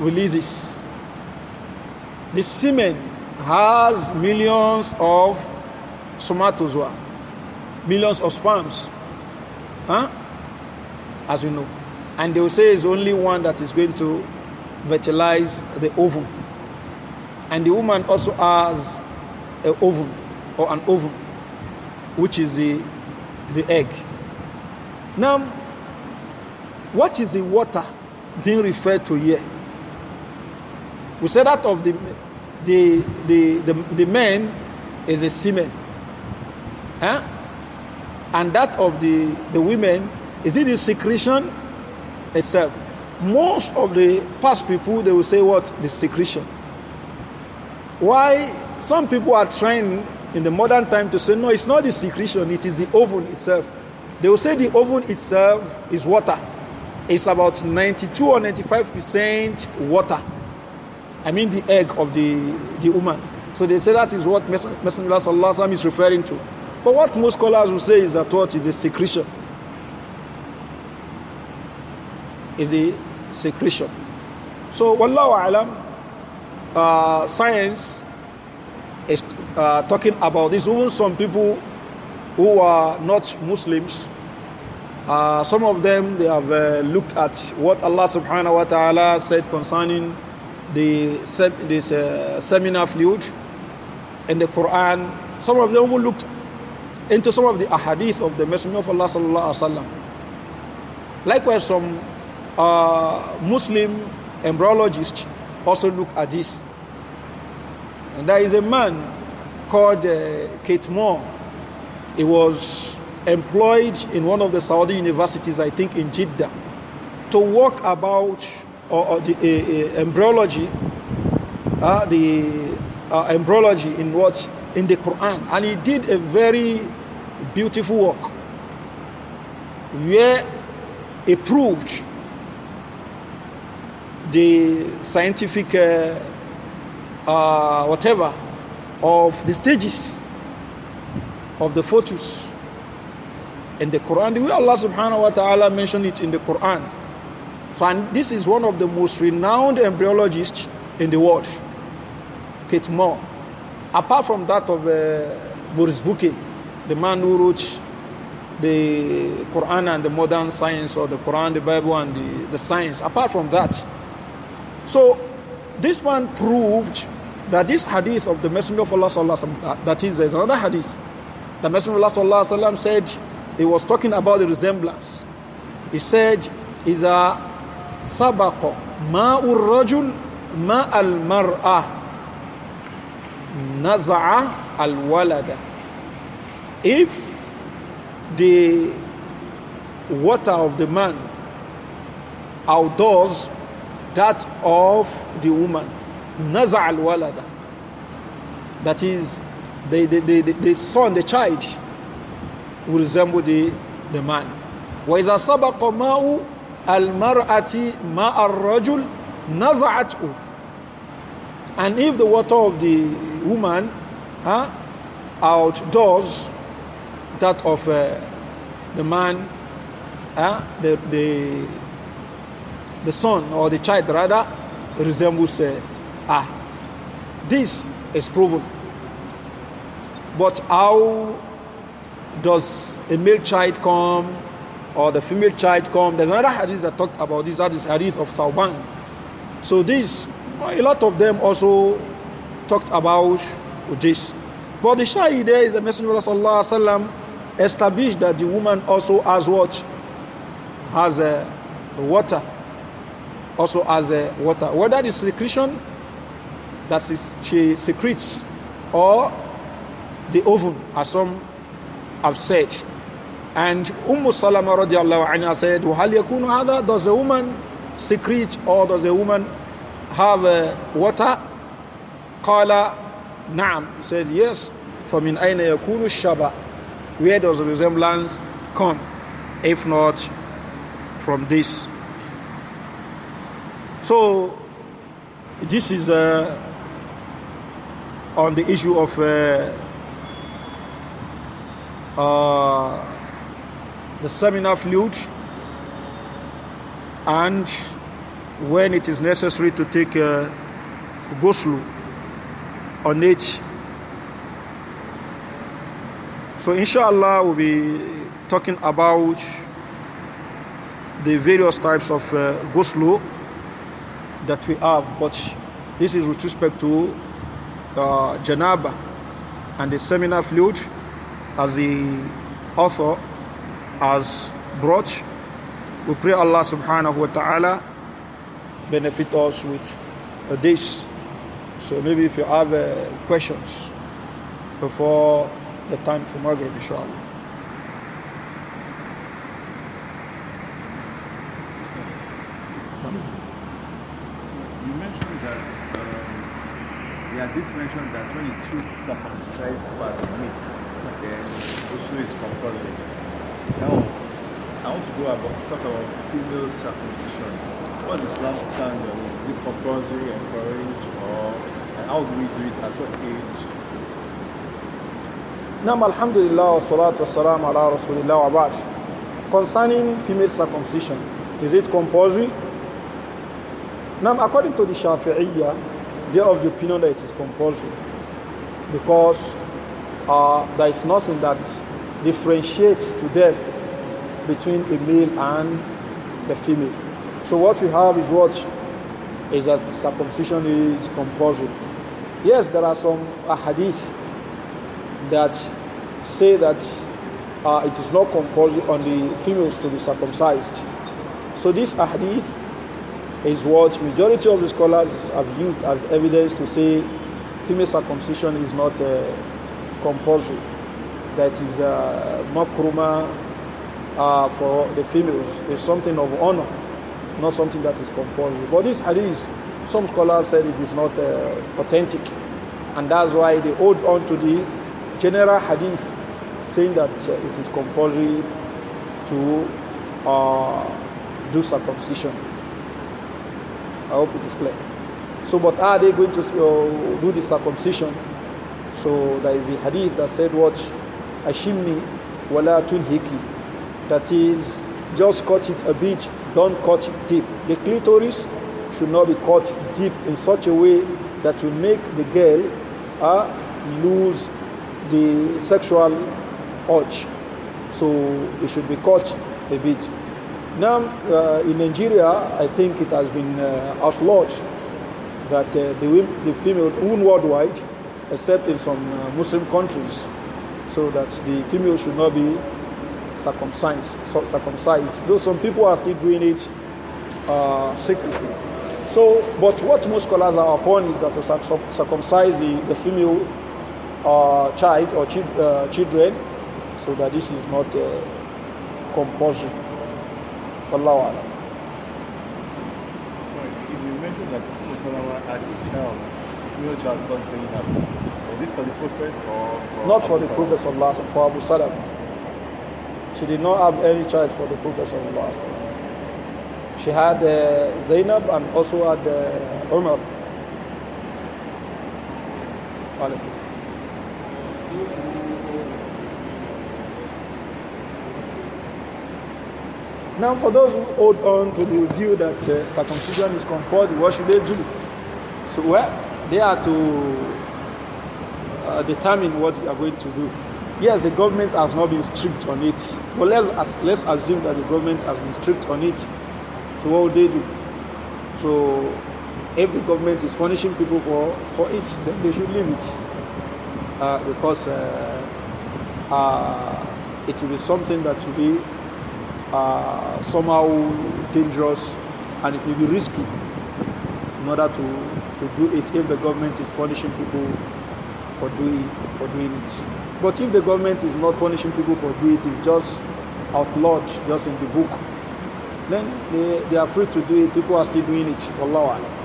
releases the semen has millions of somatozoa, millions of sperms. Huh? As we know. And they will say it's only one that is going to fertilize the ovum. And the woman also has an ovum or an ovum, which is the, the egg. Now, what is the water being referred to here? We said that of the the, the, the, the man is a semen. Huh? And that of the, the women, is it the secretion itself? Most of the past people, they will say what? The secretion. Why some people are trying in the modern time to say, no, it's not the secretion, it is the oven itself. They will say the oven itself is water. It's about 92 or 95% water. I mean the egg of the, the woman. So they say that is what Messenger Allah is referring to. But what most scholars will say is that what is a secretion. Is a secretion. So Wallahu Alam, uh, science is uh, talking about this. Even some people who are not Muslims, uh, some of them they have uh, looked at what Allah subhanahu wa ta'ala said concerning the, this, uh, seminar flute, and the Quran. Some of them even looked into some of the ahadith of the Messenger of Allah sallallahu alaihi wasallam. Likewise, some uh, Muslim embryologists also look at this. And there is a man called uh, Kate Moore. He was employed in one of the Saudi universities, I think in Jeddah, to work about or, or the uh, embryology, uh, the uh, embryology in what in the Quran, and he did a very beautiful work where he proved the scientific uh, uh, whatever of the stages of the photos in the Quran. The way Allah subhanahu wa ta'ala mentioned it in the Quran. And this is one of the most renowned embryologists in the world, Kate Moore. Apart from that of uh, Boris Bouquet, the man who wrote the Quran and the modern science, or the Quran, the Bible, and the, the science, apart from that. So, this man proved that this hadith of the Messenger of Allah, sallam, that is, there's another hadith. The Messenger of Allah sallam, said, he was talking about the resemblance. He said, is a سبق ماء الرجل mara naza al-walada. if the water of the man outdoors that of the woman al-walada. That that is the, the, the, the son the child will resemble the, the man وإذا سبق ماء Al-mar'ati ma'ar-rajul naza'at'u. And if the water of the woman huh, outdoors that of uh, the man, huh, the, the, the son or the child rather, resembles uh, ah. This is proven. But how does a male child come or the female child come. There's another hadith that talked about this, that is hadith of Thawban. So this, a lot of them also talked about this. But the Shahi there is the Messenger of Allah sallam, established that the woman also has what? Has a uh, water. Also has a uh, water. Whether it's secretion that is, she secretes or the oven, as some have said. And Umm Salama radiallahu anha said, وَهَلْ يَكُونُ هَذَا Does a woman secrete or does a woman have uh, water? قَالَ na'am. He said, yes. فَمِنْ أَيْنَ يَكُونُ الشَّبَى Where does the resemblance come? If not from this. So, this is uh, on the issue of uh, uh, the seminar fluid, and when it is necessary to take a ghusl on it. So inshallah we'll be talking about the various types of uh, ghusl that we have but this is with respect to uh, janaba and the seminar fluid, as the author has brought. We pray Allah subhanahu wa ta'ala benefit us with this. So maybe if you have uh, questions before the time for Maghrib, inshallah. You mentioned that um, yeah, did mention that when you took circumcised part meat, then also is compulsory. Now, I want to go about talk about female circumcision. What is Islam stand on? Is it compulsory, encouraged, or and how do we do it? At what age? Nam alhamdulillah wa salatu wa salam ala rasulillah wa ba'd. Concerning female circumcision, is it compulsory? Now, according to the Shafi'iyya, they are of the opinion that it is compulsory because uh, there is nothing that differentiates to them between the male and the female. So what we have is what is that circumcision is compulsory. Yes, there are some hadith that say that uh, it is not compulsory on the females to be circumcised. So this hadith is what majority of the scholars have used as evidence to say female circumcision is not uh, compulsory that is uh, makruma uh, for the females is something of honor, not something that is compulsory. But this hadith, some scholars said it is not uh, authentic, and that's why they hold on to the general hadith saying that uh, it is compulsory to uh, do circumcision. I hope it is clear. So, but are they going to uh, do the circumcision? So, there is a hadith that said, Watch ashimni wala tulhiki. That is, just cut it a bit, don't cut it deep. The clitoris should not be cut deep in such a way that will make the girl uh, lose the sexual urge. So it should be cut a bit. Now, uh, in Nigeria, I think it has been uh, outlawed that uh, the, the female, women worldwide, except in some uh, Muslim countries, so that the female should not be circumcised. circumcised. Though some people are still doing it uh, secretly. So, but what most scholars are upon is that to circumcise the, the female uh, child or chi uh, children, so that this is not uh, compulsory. Wallahu alam. You mentioned that Muslim had a child, male child, doesn't have is it for the Prophet or for Not Abu for the Prophet Sallallahu for Abu Salam. She did not have any child for the Prophet Allah. She had uh, Zainab and also had uh, Umar. Now, for those who hold on to the view that uh, circumcision is compulsory, what should they do? So, well, they are to uh, determine what you are going to do. Yes, the government has not been strict on it, but let's, let's assume that the government has been strict on it. So what would they do? So if the government is punishing people for, for it, then they should leave it uh, because uh, uh it will be something that will be uh, somehow dangerous and it will be risky in order to, to do it if the government is punishing people for doing for doing it. But if the government is not punishing people for doing it, it's just outlawed, just in the book, then they, they are free to do it. People are still doing it. Allah Allah.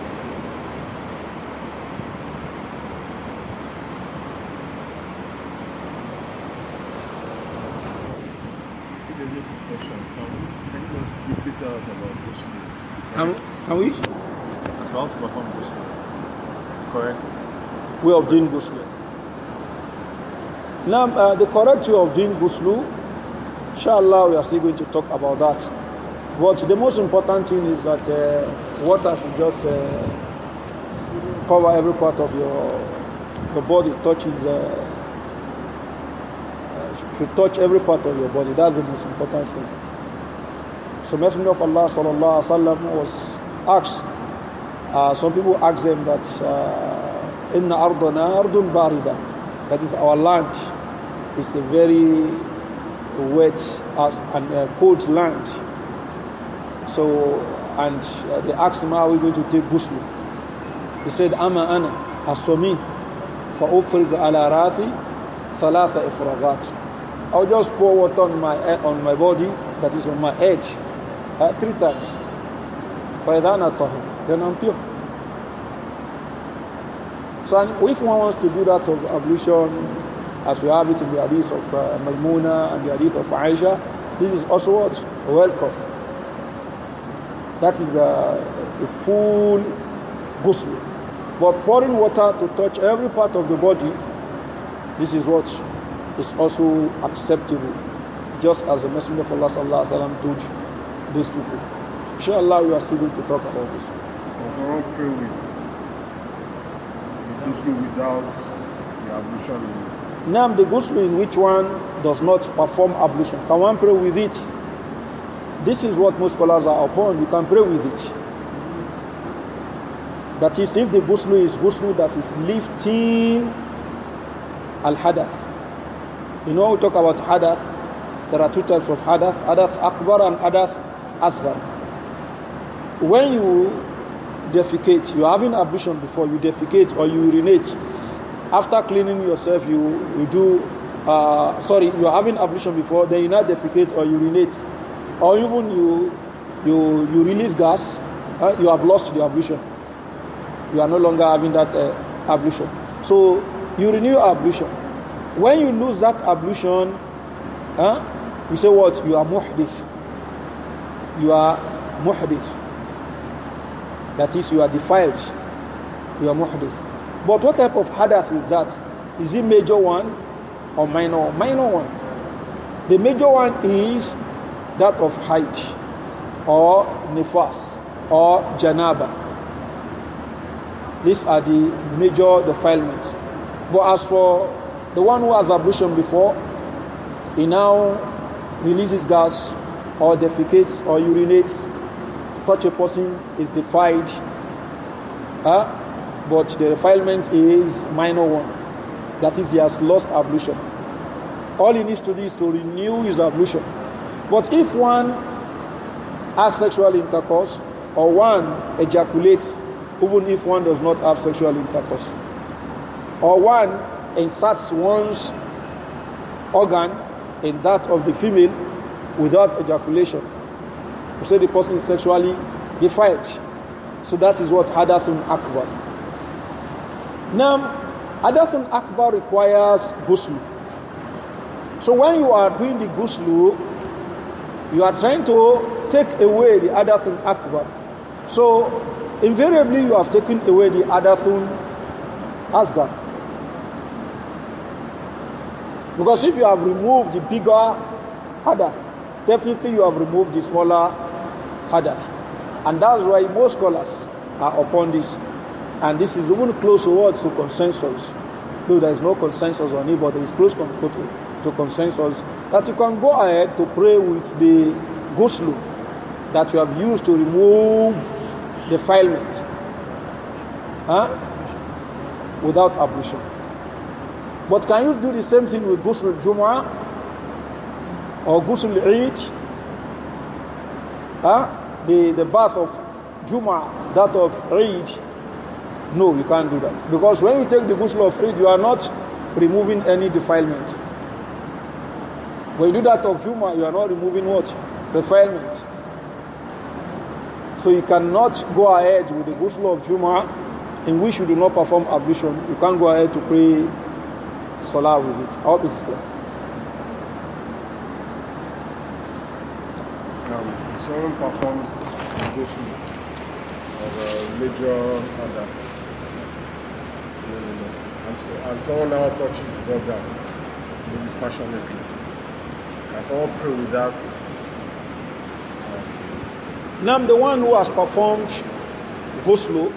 Can, can we? about to perform Correct. Way of doing ghusl. Now, uh, the correct way of doing ghusl, inshallah, we are still going to talk about that. But the most important thing is that uh, water should just uh, cover every part of your, your body, touches, uh, uh, should touch every part of your body. That's the most important thing. So, Messenger of Allah sallallahu alaihi wasallam was asked, uh, some people asked him that, Inna ardana ardun barida, that is our land it's a very wet and uh, cold land. So, and uh, they asked him, How are we going to take ghusl? He said, Ama ana, as for me, فأفرغ على ifragat." i I'll just pour water on my, eh, on my body, that is on my edge, uh, three times. فإذا أنا طاهر, then I'm pure. So if one wants to do that of ablution, as we have it in the hadith of uh, Maimuna and the hadith of Aisha, this is also what? Welcome. That is a, uh, a full ghusl. But pouring water to touch every part of the body, this is what is also acceptable, just as the Messenger of Allah sallallahu alaihi wasallam told these people. Inshallah, we are still going to talk about this. Does someone pray with, ghusl without the ablution Name the ghusl in which one does not perform ablution. Can one pray with it? This is what most scholars are upon. You can pray with it. That is, if the ghusl is ghusl that is lifting al hadath. You know, we talk about hadath. There are two types of hadath: hadath akbar and hadath asghar. When you defecate, you are having ablution before you defecate or you urinate after cleaning yourself, you, you do, uh, sorry, you're having ablution before, then you now defecate or urinate, or even you, you, you release gas, uh, you have lost the ablution. You are no longer having that uh, ablution. So you renew ablution. When you lose that ablution, huh, you say what? You are muhdith. You are muhdith. That is, you are defiled. You are muhdith. But what type of hadath is that? Is it major one or minor? Minor one. The major one is that of height or nifas or janaba. These are the major defilements. But as for the one who has ablution before, he now releases gas or defecates or urinates. Such a person is defiled. Huh? but the defilement is minor one. That is, he has lost ablution. All he needs to do is to renew his ablution. But if one has sexual intercourse or one ejaculates, even if one does not have sexual intercourse, or one inserts one's organ in that of the female without ejaculation, we say the person is sexually defiled. So that is what hadathun akbar. Now, Adathun Akbar requires ghusl. So when you are doing the ghusl, you are trying to take away the Adathun Akbar. So invariably you have taken away the Adathun Asgar. Because if you have removed the bigger Hadath, definitely you have removed the smaller Hadath. And that's why most scholars are upon this. And this is even close to what? To consensus. No, there is no consensus on it, but there is close to, to consensus that you can go ahead to pray with the ghusl that you have used to remove defilement huh? without ablution. But can you do the same thing with ghusl Jumu'ah or ghusl Eid? Huh? The, the bath of Jumu'ah, that of Eid, no, you can't do that. Because when you take the ghusl of Eid, you are not removing any defilement. When you do that of Juma, you are not removing what? Defilement. So you cannot go ahead with the ghusl of Juma in which you do not perform ablution. You can't go ahead to pray Salah with it. I hope it is clear. Um, someone performs ablution of a major adult and, so, and someone now touches his organ, maybe passionately. Can someone pray with that? Now the one who has performed Goslo.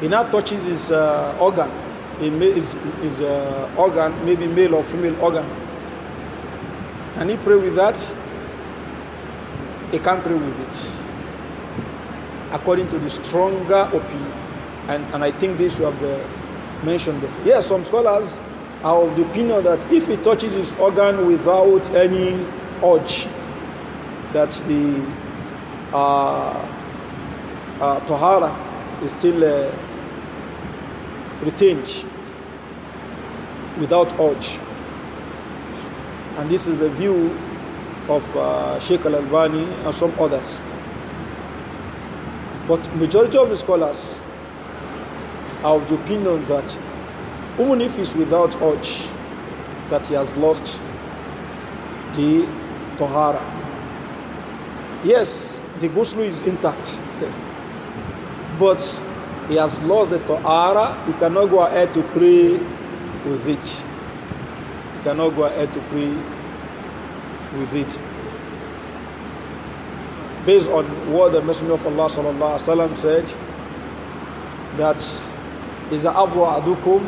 He now touches his uh, organ, his, his uh, organ, maybe male or female organ. Can he pray with that? He can't pray with it. According to the stronger opinion. And, and I think this you have uh, mentioned before. Yes, some scholars are of the opinion that if he touches his organ without any urge, that the uh, uh, Tohara is still uh, retained without urge. And this is a view of uh, Sheikh Al Albani and some others. But majority of the scholars are of the opinion that even if he's without urge, that he has lost the tohara. Yes, the ghusl is intact, but he has lost the tohara. He cannot go ahead to pray with it. He cannot go ahead to pray with it. Based on what the Messenger of Allah sallallahu alaihi wasallam said, that إذا أفضى أحدكم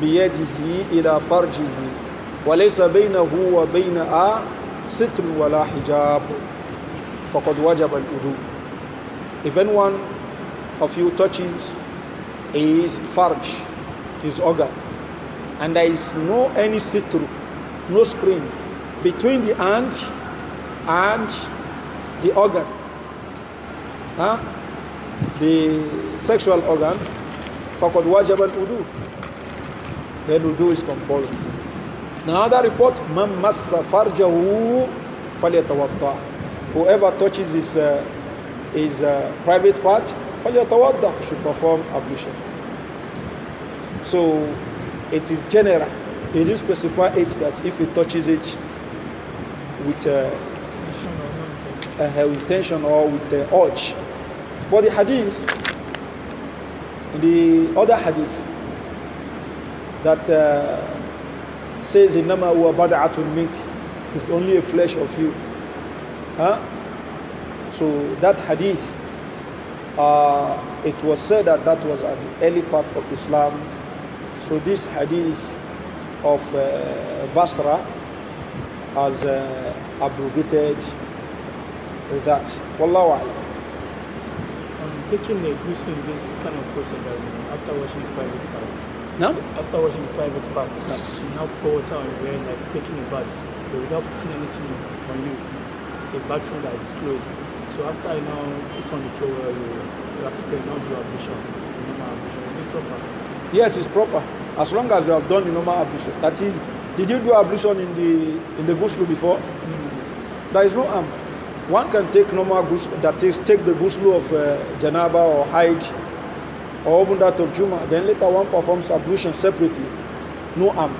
بيده إلى فرجه وليس بينه وبينها ستر ولا حجاب فقد وجب الأذو If anyone of you touches his farj, his organ, and there is no any sitru, no screen between the hand and the organ, huh? the sexual organ, فَقَدْ وَجَبَ udu. Then wudu is compulsory. Now other report, مَنْ مَسَّ فَرْجَهُ فَلْيَتَوَضَّعْ Whoever touches his, uh, his uh, private part, فَلْيَتَوَضَّعْ should perform ablution. So it is general. It is specified it that if he touches it with uh, intention or uh, with the uh, urge. But the hadith the other hadith that uh, says wa huwa al mink is only a flesh of you huh? so that hadith uh, it was said that that was at the early part of Islam so this hadith of uh, Basra has uh, abrogated that wallahu a'lam Taking a ghusl in this kind of process as well, after washing the private parts. No? After washing the private parts, like you now pour water on your like taking a bath, but without putting anything on you. It's a bathroom that is closed. So after I now put on the towel, you, you have to now do ablution, the normal ablution. Is it proper? Yes, it's proper. As long as you have done the normal ablution. That is, did you do ablution in the in the ghusl before? Mm -hmm. There is no harm. One can take normal ghusl, that is, take the ghusl of uh, janaba or hide, or even that of Juma. Then later one performs ablution separately. No arm.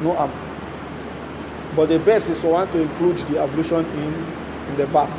No arm. But the best is for one to include the ablution in, in the bath.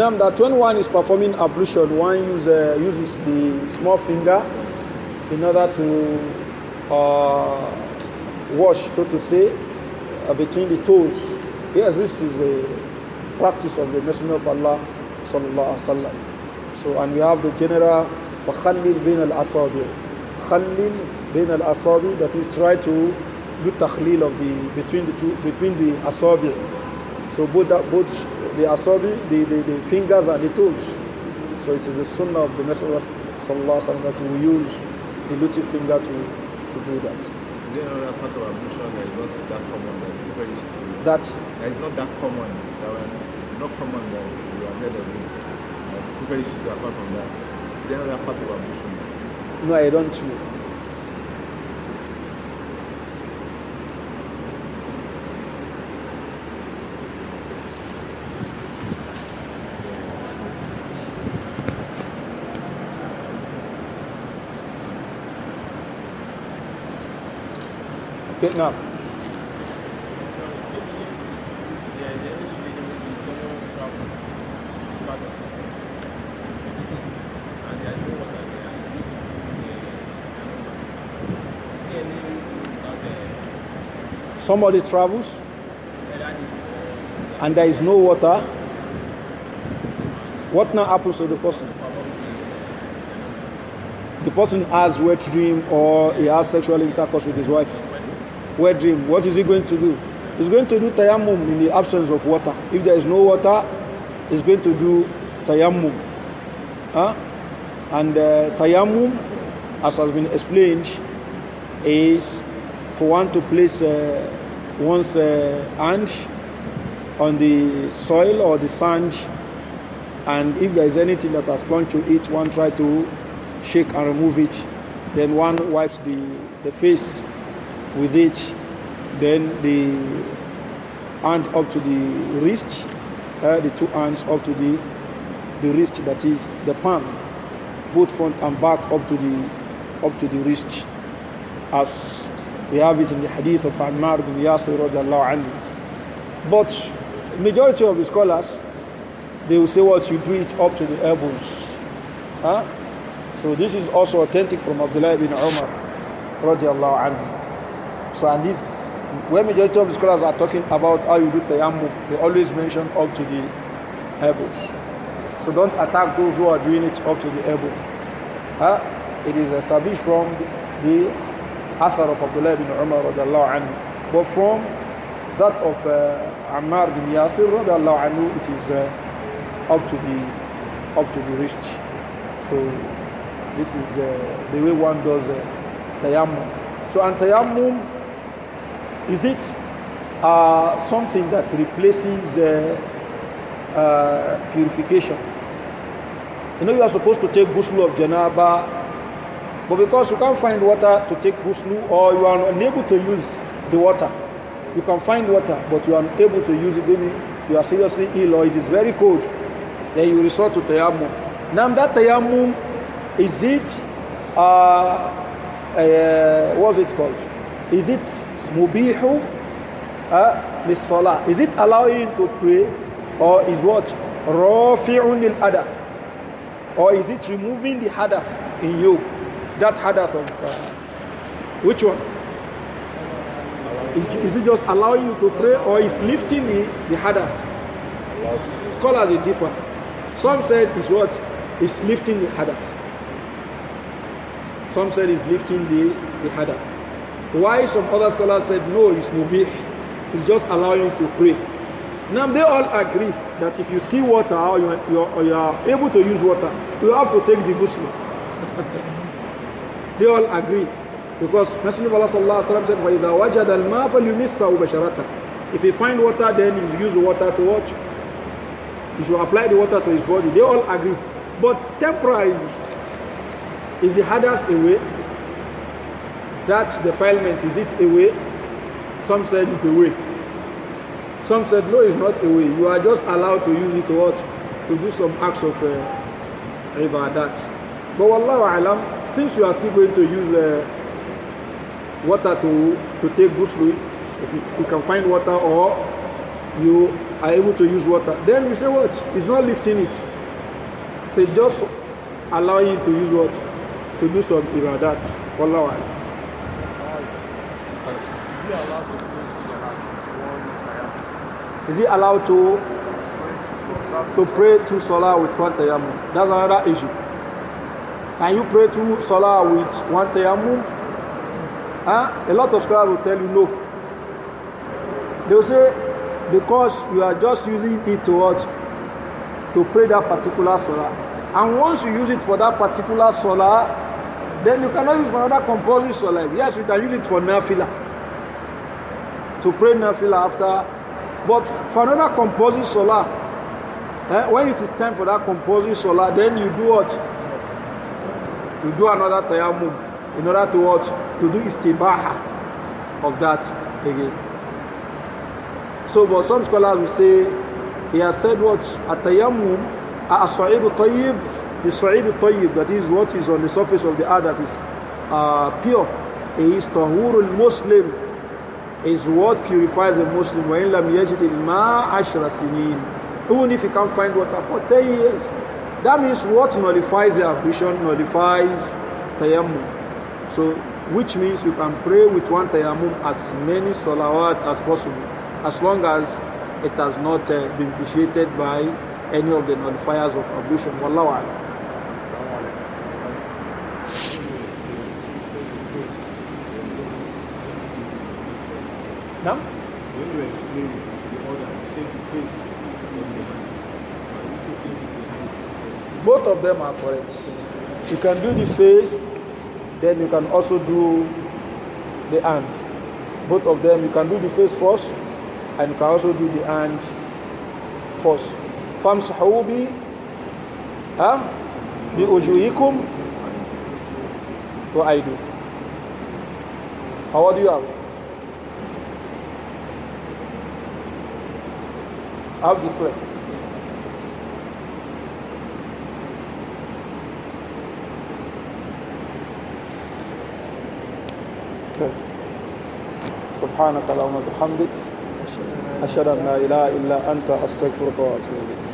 Now that when one is performing ablution, one use, uh, uses the small finger in order to uh, wash, so to say, uh, between the toes. Yes, this is a practice of the Messenger of Allah, sallallahu alaihi wasallam. So, and we have the general فخلل بين الأصابع خلل بين الأصابع that is try to do تخليل of the between the two between the asabi so both that both the asabi, the, the, the fingers and the toes. So it is the sunnah of the Messenger Sallallahu Allah that we use the little finger to, to do that. that is not that common That is not that common. That were not common that we are heard of it. That people used apart from that. Then another part of ablution. No, I don't. getting up. Somebody travels and there is no water. What now happens to the person? The person has wet dream or he has sexual intercourse with his wife wet dream, what is he going to do? He's going to do tayammum in the absence of water. If there is no water, he's going to do tayammum. Huh? And uh, tayammum, as has been explained, is for one to place uh, one's uh, hand on the soil or the sand, and if there is anything that has gone to it, one try to shake and remove it. Then one wipes the, the face with it, then the hand up to the wrist, uh, the two hands up to the, the wrist, that is the palm, both front and back up to the, up to the wrist, as we have it in the hadith of Ammar bin Yasir radiallahu But majority of the scholars, they will say what you do it up to the elbows. Huh? So this is also authentic from Abdullah bin Umar radiallahu anhu. So, and this, when majority of the scholars are talking about how you do tayammum, they always mention up to the elbows. So don't attack those who are doing it up to the elbows. Huh? It is established from the, the of Abdullah ibn Umar radiallahu anhu. But from that of uh, Ammar bin Yasir radiallahu anhu, it is uh, up to the up to the wrist. So this is uh, the way one does uh, tayammum. So and tayammum is it uh, something that replaces uh, uh, purification? You know, you are supposed to take ghusl of janaba, but because you can't find water to take ghusl, or you are unable to use the water, you can find water, but you are unable to use it. Maybe you are seriously ill, or it is very cold. Then you resort to tayammum. Now that tayammum, is it? Uh, uh, what's it called? Is it mubihu uh, Is it allowing to pray or is what? Rafi'un lil Or is it removing the hadath in you? That hadath of, uh, which one? Is, is, it just allowing you to pray or is lifting the, the hadath? Scholars are differ. Some said it's what is lifting the hadath. Some said it's lifting the, the hadath. Why some other scholars said, no, it's mubih. It's just allowing to pray. Now they all agree that if you see water or you, are, you are, you are able to use water, you have to take the ghusl. they all agree. Because Messenger of Allah said, فَإِذَا وَجَدَ الْمَا فَلْيُمِسَّهُ بَشَرَةً If you find water, then he use water to watch. You should apply the water to his body. They all agree. But temporarily, is the hardest a way that defilement, is it a way? Some said it's a way. Some said, no, it's not a way. You are just allowed to use it to what? To do some acts of uh, ibadat. But wallahu alam, since you are still going to use uh, water to, to take ghusl, if you, you can find water or you are able to use water, then you say what? It's not lifting it. So just allow you to use what? To do some ibadat. Wallahu alam. Is he allowed to to pray to salah with one tayammum? That's another issue. Can you pray to salah with one tayammum? Huh? A lot of scholars will tell you no. They will say because you are just using it towards to pray that particular salah. And once you use it for that particular salah, then you cannot use for another compulsory salah. Yes, you can use it for nafila to pray nafila after. But for another composing solar, eh, when it is time for that composing solar, then you do what? You do another tayammum in order to what? To do istibaha of that again. So, but some scholars will say he has said what? At tayammum, as-sa'idu tayyib, the sa'idu tayyib, that is what is on the surface of the earth that is uh, pure. He is tahurul muslim is what purifies a Muslim. Even if he can't find water for 10 years, that means what nullifies the ablution nullifies tayammum. So, which means you can pray with one tayammum as many salawat as possible, as long as it has not uh, been vitiated by any of the nullifiers of ablution. Wallahu Now? When you were explaining the order, you said the face in the hand. Both of them are correct. You can do the face, then you can also do the hand. Both of them, you can do the face first, and you can also do the hand first. فامسحوا بي ها بوجوهكم وأيديكم. How do you have? of the square. سبحانك اللهم وبحمدك أشهد أن لا إله إلا أنت أستغفرك وأتوب إليك